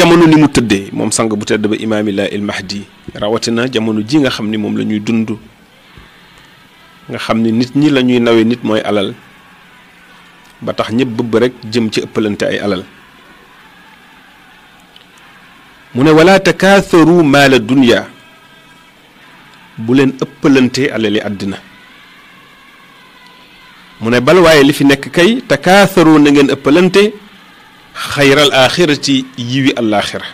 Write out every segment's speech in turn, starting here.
jamono ni mu tëddee moom sang bu tedd ba imaamillah il mahdi rawatina jamono ji nga xam ni moom la ñuy dund nga xam ni nit ñi la ñuy nawee nit mooy alal ba tax ñëpp bëbb rek jëm ci ëppalante ay alal mu ne wala takaatharu maala dunya buleen leen alal alali àddina mu ne bal waaye li fi nekk kay takaatharu na ngeen ëppalante خير الآخرة يوي الآخرة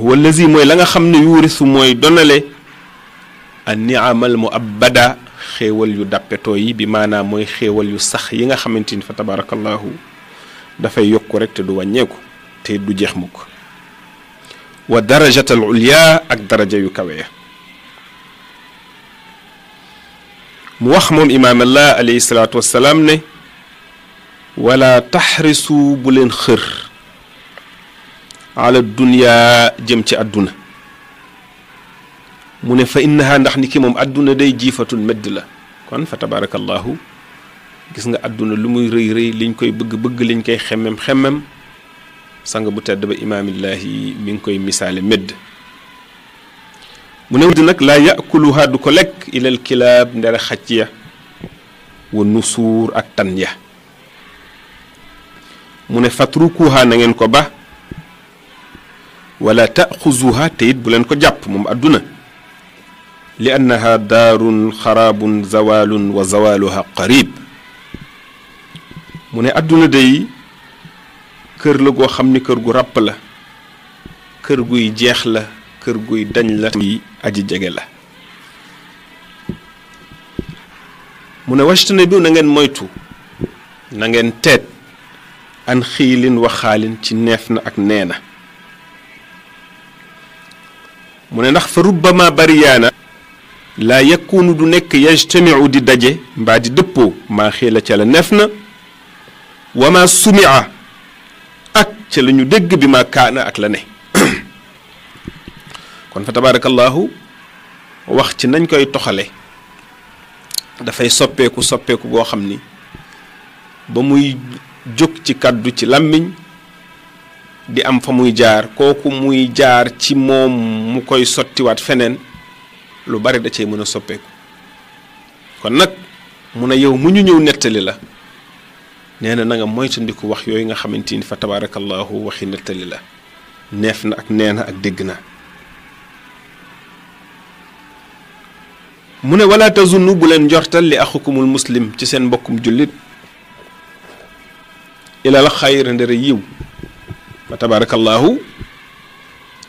هو الذي موي لغا خمن يورث موي دونالي النعم المؤبدة خيول يو دابتوي بمعنى موي خيول يو سخ يغا خمنتين فتبارك الله دا فاي يوكو ريك تدو وانيكو تيدو جيخموك ودرجة العليا اك درجة يكوية موخ امام الله عليه الصلاة والسلام نه ولا تحرسوا bu خير على الدنيا جمتي jëm من فإنها نحن كي fa innaha ndax ni ki كون فتبارك الله jiifatul gis nga aduna lu muy rëy rëy liñ koy bëgg bëgg liñ koy xemem xemem sang bu tedd ba imam imaamillaahi mi ngi koy misale med mu neud nak la laa yakuluha du ko lekk ilal kilaab ndere xaj ya wa nusur ak tanya mu fatrukuha na ngeen ko ba wala taxuzuha te it bu leen ko jàpp moom àdduna li annaha daarun xaraabun zawaalun wa zawaaluha qarib mu ne day kër la goo xam ni kër gu ràpp la kër guy jeex la kër guy dañ la aji jege la mu ne na ngeen moytu na ngeen teet an xiilin waxaalin ci neef na ak nee na mu ne ndax fa rubbama bariyaana laa yakunu du nekk yajtamicu di daje mbaa di dëppoo maa xiila ca la neef na wa ma sumia ak ca la ñu dégg bi ma kaana ak la ne kon fa tabarakallahu wax ci nañ koy toxale dafay soppeeku soppeeku boo xam ni ba muy jóg ci kàddu ci làmmiñ di am fa muy jaar kooku muy jaar ci moom mu koy sottiwaat feneen lu bari da cay mën a soppeeku kon nag mun a yow mu ñu ñëw nettali la nee na na nga moytandiku wax yooyu nga xamante ni fa tabaarakallaahu waxi nettali la neef na ak nee na ak dégg na mu ne wala tazunnu bu leen njortal li axukumul muslim ci seen mbokkum jullit الى الخير ندير يو تبارك الله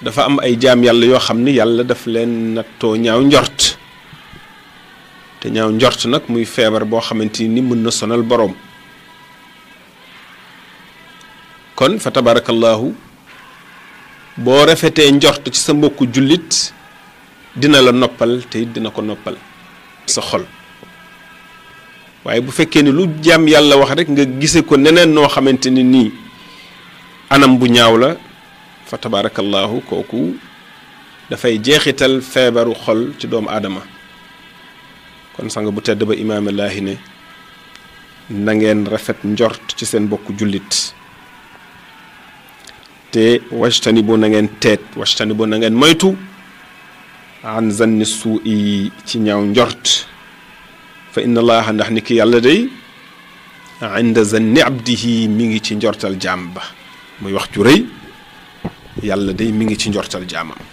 دا فا ام اي جام يالا يو خامني يالا دا فلين ناتو نياو نجورت تي نياو نجورت نك موي فيبر بو خامنتي ني من نسونال بروم كون فتبارك الله بو رفتي نجورت سي مبوك جوليت دينا لا نوبال تي دينا كو نوبال waaye bu fekkee ni lu jàmm yàlla wax rek nga gise ko neneen noo xamante ni nii anam bu ñaaw la fa tabaarakallaahu kooku dafay jeexital feebaru xol ci doomu aadama kon sang bu tedd ba imaamallaahi ne na ngeen rafet njort ci seen bokk jullit te wajtani bu na ngeen teet wajtani bu na ngeen moytu an suu i ci ñaaw njort فإن الله نحن كي يالله دي عند زن عبده ميغي تنجرت الجامبة ما يوخت يري دي ميغي تنجرت الجامبة